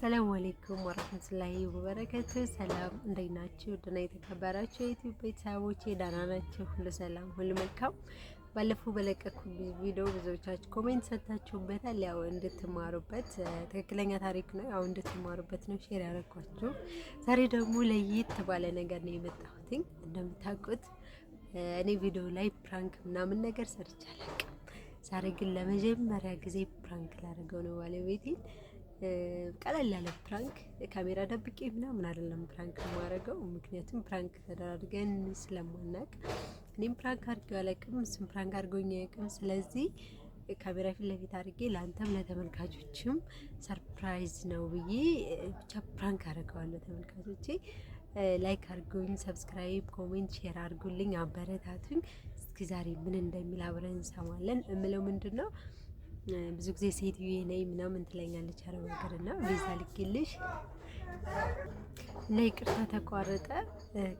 ሰላም አለይኩም ወራህመቱላሂ ወበረከቱ። ሰላም እንዴት ናችሁ? ደህና የተከበራችሁ የዩቲዩብ ቤተሰቦቼ ደህና ናችሁ? ሁሉ ሰላም፣ ሁሉ መልካም። ባለፈው በለቀኩት ቪዲዮ ብዙዎቻችሁ ኮሜንት ሰጥታችሁበታል። ያው እንድትማሩበት ትክክለኛ ታሪክ ነው፣ ያው እንድትማሩበት ነው ሼር ያደረኳችሁ። ዛሬ ደግሞ ለየት ባለ ነገር ነው የመጣሁት። እንደምታውቁት እኔ ቪዲዮ ላይ ፕራንክ ምናምን ነገር ሰርቻለሁ። ዛሬ ግን ለመጀመሪያ ጊዜ ፕራንክ ላደርገው ነው ባለቤቴ ቀለል ያለ ፕራንክ ካሜራ ደብቄ ምናምን አይደለም ፕራንክ የማደርገው። ምክንያቱም ፕራንክ ተደራርገን ስለማናቅ እኔም ፕራንክ አድርጌው አላውቅም፣ እሱም ፕራንክ አድርጎኝ አያውቅም። ስለዚህ ካሜራ ፊት ለፊት አድርጌ ለአንተም ለተመልካቾችም ሰርፕራይዝ ነው ብዬ ብቻ ፕራንክ አደርገዋለሁ። ተመልካቾቼ ላይክ አድርጉኝ፣ ሰብስክራይብ፣ ኮሜንት፣ ሼር አድርጉልኝ፣ አበረታቱኝ። እስኪ ዛሬ ምን እንደሚል አብረን እንሰማለን። እምለው ምንድን ነው ብዙ ጊዜ ሴትዮ ነይ ምናምን ትለኛለች አረብ ሀገር እና ቪዛ ልክልሽ ላይ ቅርታ ተቋረጠ።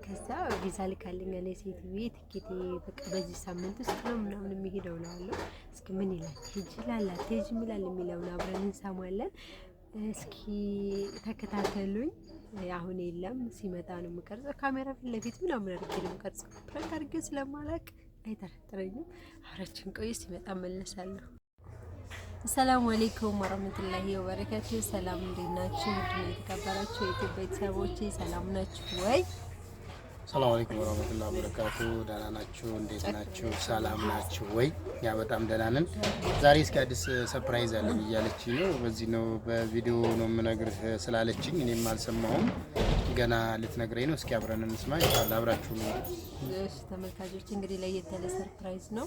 ከዛ ቪዛ ልካልኛ ላይ ሴትዮ ትኬቴ በቃ በዚህ ሳምንት ውስጥ ነው ምናምን የሚሄደው ነው አለው። እስኪ ምን ይላል ቴጅ ይላል ቴጅ ይላል የሚለውን አብረን እንሰማለን። እስኪ ተከታተሉኝ። አሁን የለም ሲመጣ ነው የምቀርጸው። ካሜራ ፊት ለፊት ምናምን አድርጌ ነው የምቀርጸው። ፕራንክ አድርጌ ስለማላቅ አይጠረጥረኝም። አብራችን ቆይ፣ ሲመጣ መለሳለሁ። አሰላሙ አሌይኩም ወረህመቱላሂ ወበረካቱ። ሰላም እንዴት ናችሁ? ውድና የተከበራችሁ የኢትዮጵያ ቤተሰቦች ሰላም ናችሁ ወይ? ሰላም አለይኩም ወራህመቱላሂ ወበረካቱ። ደህና ናችሁ? እንዴት ናችሁ? ሰላም ናችሁ ወይ? ያ በጣም ደህና ነን። ዛሬ እስኪ አዲስ ሰርፕራይዝ አለኝ እያለች ነው። በዚህ ነው በቪዲዮ ነው የምነግርህ ስላለችኝ እኔም አልሰማሁም ገና ልትነግረኝ ነው። እስኪ አብረን እንስማ። ይቻል አብራችሁ ነው። እሺ ተመልካቾች እንግዲህ ለየት ያለ ሰርፕራይዝ ነው።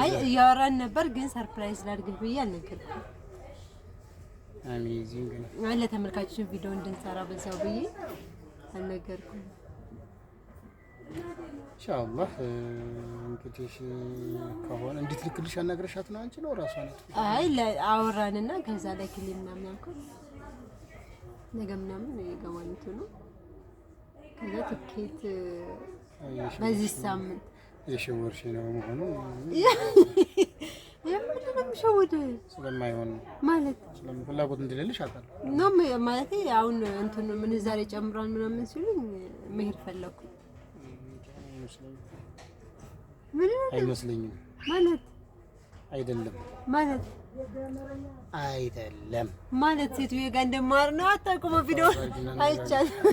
አይ እያወራን ነበር፣ ግን ሰርፕራይዝ ላድርግህ ብዬ አልነገርኩም። አሜዚንግ ነው። ለተመልካቾች ቪዲዮ እንድንሰራ በዛው ብዬ አልነገርኩም። ኢንሻአላህ እንግዲህ ከሆነ አናግረሻት ነው አንቺ ነው ራሷ ነው። አይ አወራንና ከዛ ላይ ምናምን አልኩት ነገ ምናምን እንትኑ ከዛ ትኬት በዚህ ሳምንት የሸወርሽ ነው መሆኑ የምንድነው የሚሸወድ ስለማይሆን ማለት ፍላጎት እንደሌለሽ አውቃለሁ። ነው ማለት አሁን እንትን ምንዛሬ ጨምሯል ምናምን ሲሉኝ መሄድ ፈለኩ። አይመስለኝም ማለት አይደለም ማለት አይደለም ማለት ሴትዮ ጋር እንደማር ነው። አታውቁም ቪዲዮ አይቻልም።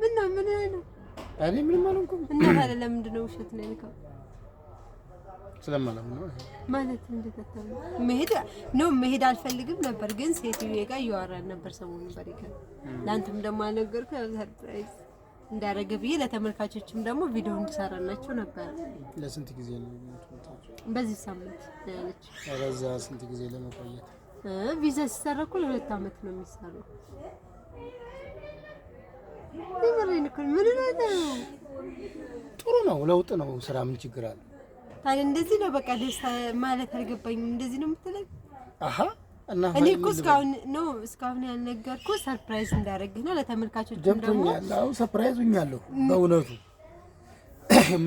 ምን ነው ምን ነው እኔ ምንም አልሆንኩም። እና ታዲያ ለምንድን ነው ውሸት ነው የነካው? ስለማላም ነው ማለት እንደተተም መሄድ ነው መሄድ አልፈልግም ነበር፣ ግን ሴትዬ ጋር እያወራን ነበር ሰሞኑን በሪከ ለአንተም ደግሞ አልነገርኩህ ሰርፕራይዝ እንዳደረገ ብዬ ለተመልካቾችም ደግሞ ቪዲዮ እንዲሰራላቸው ነበር። ለስንት ጊዜ ነው? በዚህ ሳምንት ያለች በዛ ስንት ጊዜ ለመቆየት ቪዛ ሲሰራ እኮ ለሁለት አመት ነው የሚሰራው። ጥሩ ነው፣ ለውጥ ነው። ስራ ምን ችግር አለ? ታዲያ እንደዚህ ነው በቃ ደስታ ማለት አልገባኝም። እንደዚህ ነው የምትለኝ? አሀ እኔ እኮ እስካሁን ነው እስካሁን ያልነገርኩህ ሰርፕራይዝ እንዳደረግህ ነው። ለተመልካቾች ደግሞ ያው ሰርፕራይዝ ሆኛለሁ በእውነቱ።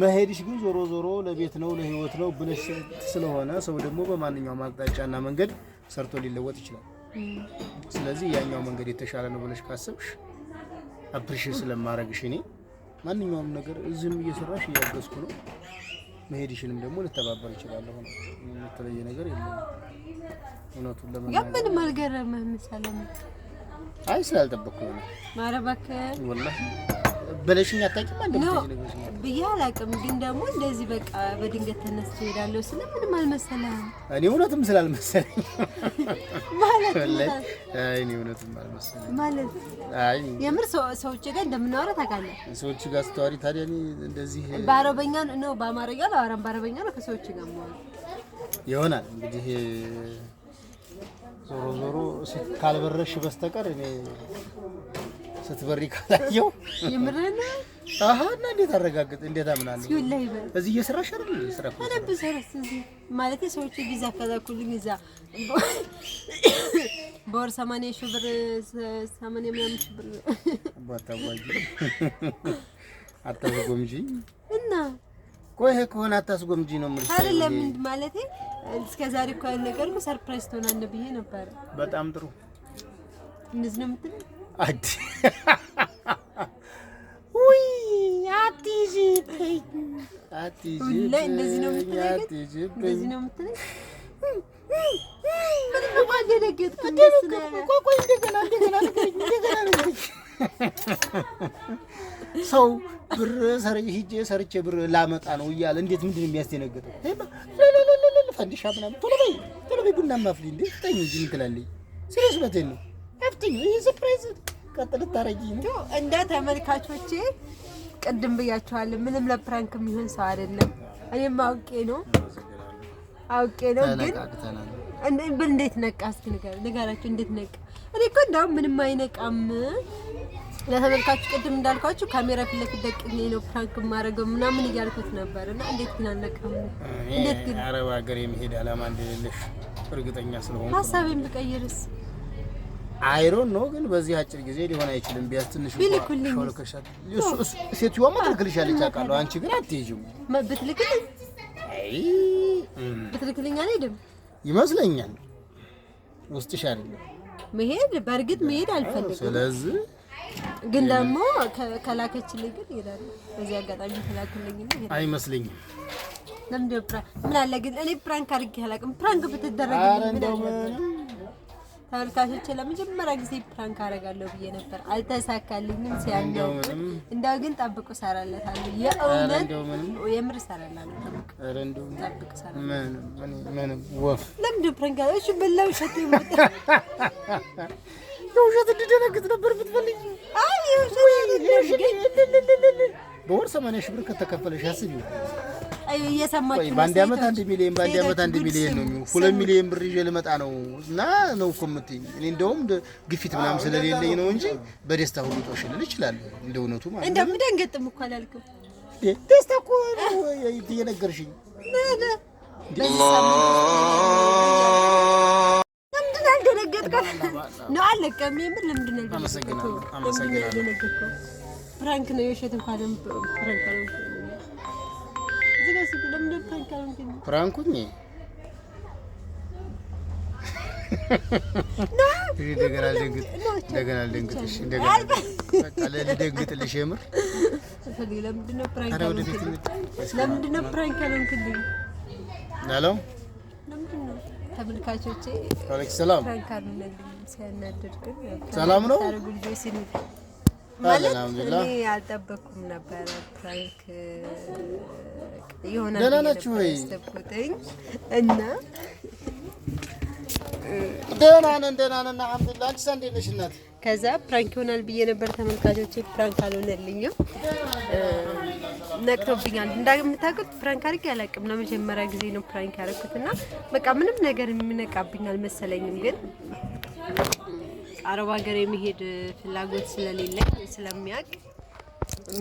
መሄድሽ ግን ዞሮ ዞሮ ለቤት ነው ለህይወት ነው ብለሽ ስለሆነ ሰው ደግሞ በማንኛውም አቅጣጫና መንገድ ሰርቶ ሊለወጥ ይችላል። ስለዚህ ያኛው መንገድ የተሻለ ነው ብለሽ ካሰብሽ አፕሪሽ ስለማረግሽ እኔ ማንኛውም ነገር እዚህም እየሰራሽ እያገዝኩ ነው። መሄድሽንም ደግሞ ልተባበር እችላለሁ። ነው የተለየ ነገር የለም። እውነቱን ለመናገር ምንም አልገረመህም። ሰላም አይ ስላልጠበቅኩ ነው። ማረባከ እባክህ ወላሂ በለሽኝ አታውቂም አንድ ብዬሽ አላውቅም። ግን ደግሞ እንደዚህ በቃ በድንገት ተነስቼ እሄዳለሁ ስለ ምንም አልመሰለህም። እኔ እውነትም ስላልመሰለኝ ማለት ነው። አይ እኔ እውነትም አልመሰለኝም ማለት አይ የምር ሰዎች ጋር እንደምናወራ ታውቃለህ። ሰዎች ጋር ስታወሪ ታዲያ እኔ እንደዚህ በአረበኛ ነው በአማርኛ አላወራም፣ በአረበኛ ነው ከሰዎች ጋር የማወራው ይሆናል እንግዲህ ዞሮ ዞሮ ካልበረሽ በስተቀር እኔ ስትበሪ ካላየው ይምረና አሀ እና እንዴት አረጋግጥ እንዴት አምናለሁ? ይኸውልህ ይበል እዚህ እየሰራሽ አይደል? አለብ እየሰራ ማለት ሰዎች ቪዛ ከላኩልኝ ቪዛ በወር ሰማንያ ሺህ ብር ሰማንያ ምናምን ሺህ ብር ባታጓጂ አታስጎምጂ እና ቆይ ይሄ ከሆነ አታስጎምጂ ነው የምልሽ። አይደለም ማለቴ እስከዛሬ እኮ ያልነገርኩህ ሰርፕራይዝ ትሆናለህ ብዬ ነበር። በጣም ጥሩ እንደዚህ ነው የምትለው ሰው ብር ሰርቼ ሂጄ ሰርቼ ብር ላመጣ ነው እያለ እንዴት ምንድን የሚያስደነግጠው? ፈንዲሻ ምናምን ቶሎ በይ ቶሎ በይ ቡና ማፍሊ እንዴ ጠኝ እንጂ ምን ትላለች? ስለ ስበቴን ነው አፍትኝ ይህ ስፕራይዝ ቀጥል ነው። እንደ ተመልካቾቼ ቅድም ብያቸዋለሁ። ምንም ለፕራንክ የሚሆን ሰው አይደለም። እኔም አውቄ ነው አውቄ ነው። ግን እንዴት ነቃ? እስኪ ንገራቸው፣ እንዴት ነቃ? እኔ እኮ እንዳውም ምንም አይነቃም። ለተመልካቹ ቅድም እንዳልኳችሁ ካሜራ ፊት ለፊት ደቅኝ ነው ፕራንክ የማደርገው ምናምን እያልኩት ነበር። እና እንዴት ግን አልነቃም? እንዴት ግን አረብ ሀገር የመሄድ አላማ እንደሌለሽ እርግጠኛ ስለሆንኩ ሀሳቤን ብቀይርስ አይሮን ነው ግን በዚህ አጭር ጊዜ ሊሆን አይችልም። ቢያስ ትንሽ ሾልከሻት ሴትዮዋማ ትልክልሻለች አውቃለሁ። አንቺ ግን አትሄጂም። ብትልክልኝ ብትልክልኝ አልሄድም ይመስለኛል። ውስጥሽ አይደለም መሄድ፣ በእርግጥ መሄድ አልፈልግም። ስለዚህ ግን ደግሞ ከላከችልኝ ግን እሄዳለሁ። በዚህ አጋጣሚ ከላክልኝ አይመስለኝም። ለምንድን ነው ምን አለ ግን እኔ ፕራንክ አድርጌ አላውቅም። ፕራንክ ብትደረግ ተመልካቾች ለመጀመሪያ ጊዜ ፕራንክ አደርጋለሁ ብዬ ነበር፣ አልተሳካልኝም። ሲያለው እንዳው ግን ጠብቁ እሰራለታለሁ። የእውነት የምር እሰራለታለሁ። ወፍ ፕራንክ እሺ በላው ሸት የውሸት እንድደነግጥ ነበር ብትፈልጊ። አይ የውሸት በወር ሰማንያ ሺህ ብር ከተከፈለሽ አስቢው እየሰማችሁ በአንድ አመት አንድ ሚሊዮን በአንድ አመት አንድ ሚሊዮን ነው የሚሆን። ሁለት ሚሊዮን ብር ይዤ ልመጣ ነው እና ነው እኮ የምትይኝ። እኔ እንደውም ግፊት ምናምን ስለሌለኝ ነው እንጂ በደስታ ሁሉ ጦሽ ልል እችላለሁ። እንደ እውነቱ ማለት እንደውም ደንገጥም እኮ አላልኩም። ደስታ እኮ ነው የነገርሽኝ። ለምንድን ነው የውሸት እንኳን ፕራንክ ነው ፍራንኩኝ እንደገና ልደንግጥ ልደንግጥሽ እንደገና ልደንግጥልሽ። የምር ለምንድን ነው ፕራንክ ያልሆንክልኝ? ሄሎ ተመልካቾቼ፣ ሰላም ነው። ማለት እኔ አልጠበኩም ነበረ። ፕራንክ የሆነ ደህና ናችሁ ወይ እና ደህና ነን፣ ደህና ነን አልሐምዱሊላህ። እንዴት ነሽ እናት? ከዛ ፕራንክ ይሆናል ብዬ ነበር ተመልካቾቼ፣ ፕራንክ አልሆነልኝም። ነቅቶብኛል። እንደምታውቁት ፕራንክ አድርጌ አላውቅም። ለመጀመሪያ ጊዜ ነው ፕራንክ ያደረኩትና በቃ ምንም ነገር የሚነቃብኝ አልመሰለኝም ግን አረብ ሀገር የመሄድ ፍላጎት ስለሌለኝ ስለሚያውቅ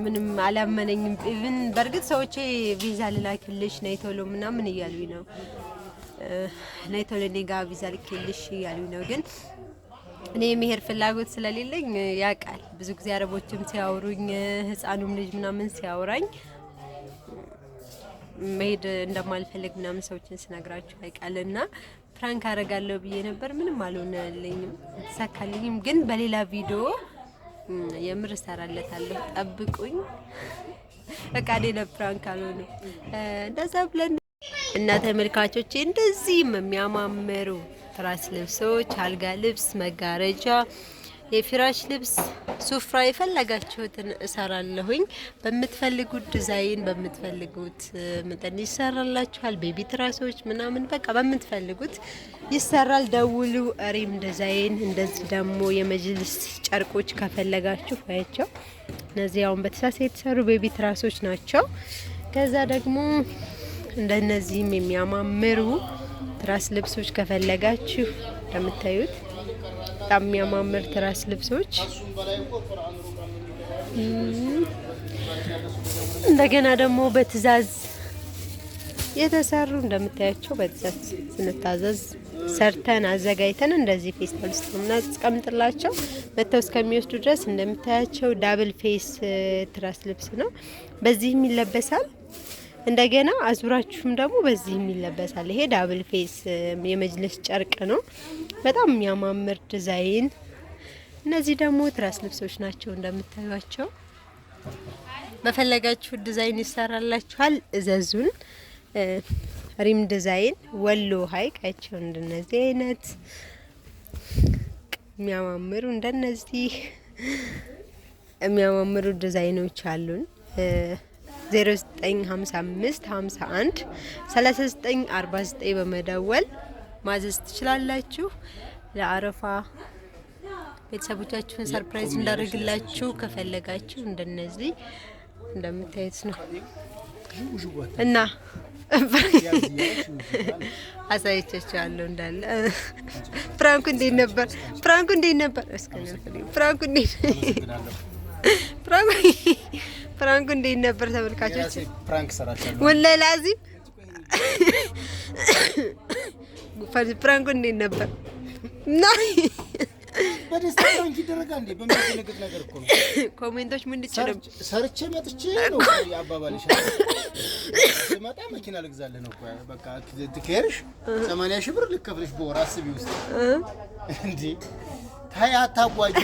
ምንም አላመነኝም። ኢቭን በእርግጥ ሰዎቼ ቪዛ ልላክልሽ ነይ ቶሎ ምናምን እያሉኝ ነው፣ ነይ ቶሎ እኔ ጋ ቪዛ ልክልሽ እያሉኝ ነው። ግን እኔ የመሄድ ፍላጎት ስለሌለኝ ያውቃል። ብዙ ጊዜ አረቦችም ሲያወሩኝ፣ ህፃኑም ልጅ ምናምን ሲያወራኝ መሄድ እንደማልፈልግ ምናምን ሰዎችን ስነግራቸው አይቃልና ፕራንክ አደርጋለሁ ብዬ ነበር። ምንም አልሆነልኝም፣ ተሳካልኝም። ግን በሌላ ቪዲዮ የምር እሰራለታለሁ፣ ጠብቁኝ። ፈቃዴ ሌላ ፕራንክ አልሆነም እንደዛ ብለን እና ተመልካቾቼ እንደዚህም የሚያማምሩ ትራስ ልብሶች፣ አልጋ ልብስ፣ መጋረጃ የፊራሽ ልብስ፣ ሱፍራ የፈለጋችሁትን እሰራለሁኝ። በምትፈልጉት ዲዛይን በምትፈልጉት መጠን ይሰራላችኋል። ቤቢ ትራሶች ምናምን በቃ በምትፈልጉት ይሰራል። ደውሉ። ሪም ዲዛይን። እንደዚህ ደግሞ የመጅልስ ጨርቆች ከፈለጋችሁ ያቸው እነዚህ አሁን በተሳሳ የተሰሩ ቤቢ ትራሶች ናቸው። ከዛ ደግሞ እንደነዚህም የሚያማምሩ ትራስ ልብሶች ከፈለጋችሁ እንደምታዩት በጣም የሚያማምር ትራስ ልብሶች እንደገና ደግሞ በትዛዝ የተሰሩ እንደምታያቸው በትዕዛዝ ስንታዘዝ ሰርተን አዘጋጅተን እንደዚህ ፌስታል ውስጥ ምናስቀምጥላቸው መጥተው እስከሚወስዱ ድረስ እንደምታያቸው ዳብል ፌስ ትራስ ልብስ ነው። በዚህም ይለበሳል። እንደገና አዙራችሁም ደግሞ በዚህ የሚለበሳል። ይሄ ዳብል ፌስ የመጅለስ ጨርቅ ነው። በጣም የሚያማምር ዲዛይን። እነዚህ ደግሞ ትራስ ልብሶች ናቸው እንደምታዩቸው። በፈለጋችሁ ዲዛይን ይሰራላችኋል። እዘዙን። ሪም ዲዛይን ወሎ ሀይቃቸው እንደነዚህ አይነት የሚያማምሩ እንደነዚህ የሚያማምሩ ዲዛይኖች አሉን። 0955 በመደወል ማዘዝ ትችላላችሁ። ለአረፋ ቤተሰቦቻችሁን ሰርፕራይዝ እንዳደርግላችሁ ከፈለጋችሁ እንደነዚህ እንደምታየት ነው እና አሳይቻችኋለሁ። እንዳለ ፍራንኩ እንዴት ነበር? ፍራንኩ እንዴት ነበር? እስከ ፍራንኩ እንዴት ፕራንኩ እንዴት ነበር ተመልካቾች? ፕራንክ ሰራችሁ ወላሂ ላዚም ጉፋን ፕራንኩ እንዴት ነበር? ናይ በደስታ ፕራንክ ይደረጋል እንዴ? በሚያስደነግጥ ነገር እኮ ነው። ኮሜንቶች ምን ይችላል? ሰርቼ መጥቼ ነው አባባልሽ። ስመጣ መኪና ልግዛልህ ነው እኮ በቃ ትከርሽ 80 ሺህ ብር ልከፍልሽ በወር አስቢ ውስጥ እንዴ ታያ አታጓጅ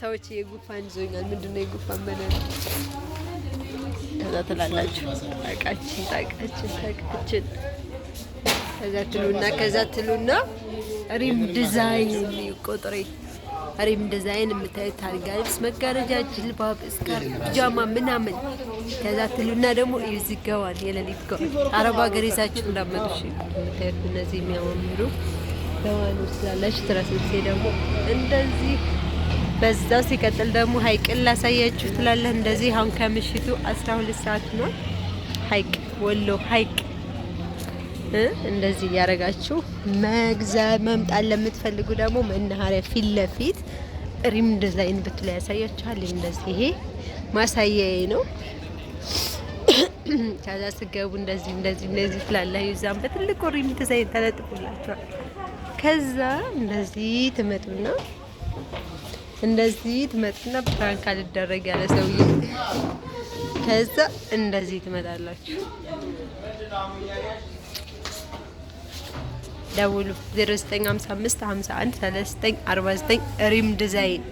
ሰዎች የጉንፋን ይዞኛል፣ ምንድነው የጉንፋን መለል ከዛ ትላላችሁ። ታቃችን ታቃችን ታቃችን ከዛ ትሉና ከዛ ትሉና ሪም ዲዛይን የሚቆጥሬ ሪም ዲዛይን የምታዩት ታልጋ ልብስ፣ መጋረጃ፣ ጅልባብ፣ እስካር፣ ጃማ ምናምን ከዛ ትሉና ደግሞ ይዝገዋል የሌሊት አረብ ሀገር ይዛችሁ እንዳመጡሽ የምታዩት እነዚህ የሚያማምሩ ለመኖር ስላለች ትረስ ጊዜ ደግሞ እንደዚህ በዛው ሲቀጥል ደግሞ ሀይቅን ላሳያችሁ ትላለህ። እንደዚህ አሁን ከምሽቱ 12 ሰዓት ነው። ሀይቅ ወሎ ሀይቅ እንደዚህ እያደረጋችሁ መግዛ መምጣት ለምትፈልጉ ደግሞ መናኸሪያ ፊት ለፊት ሪምድ ላይን ብትሉ ያሳያችኋል። እንደዚህ ይሄ ማሳያዬ ነው። ከዛ ስገቡ እንደዚህ እንደዚህ እንደዚህ ትላለህ። ይዛም በትልቁ ሪምድ ዛይን ተለጥፎላችኋል። ከዛ እንደዚህ ትመጡና እንደዚህ ትመጡና ፕራንክ አልደረግ ያለ ሰውዬ ከዛ እንደዚህ ትመጣላችሁ። ደውሉ 0955 ሪም ዲዛይን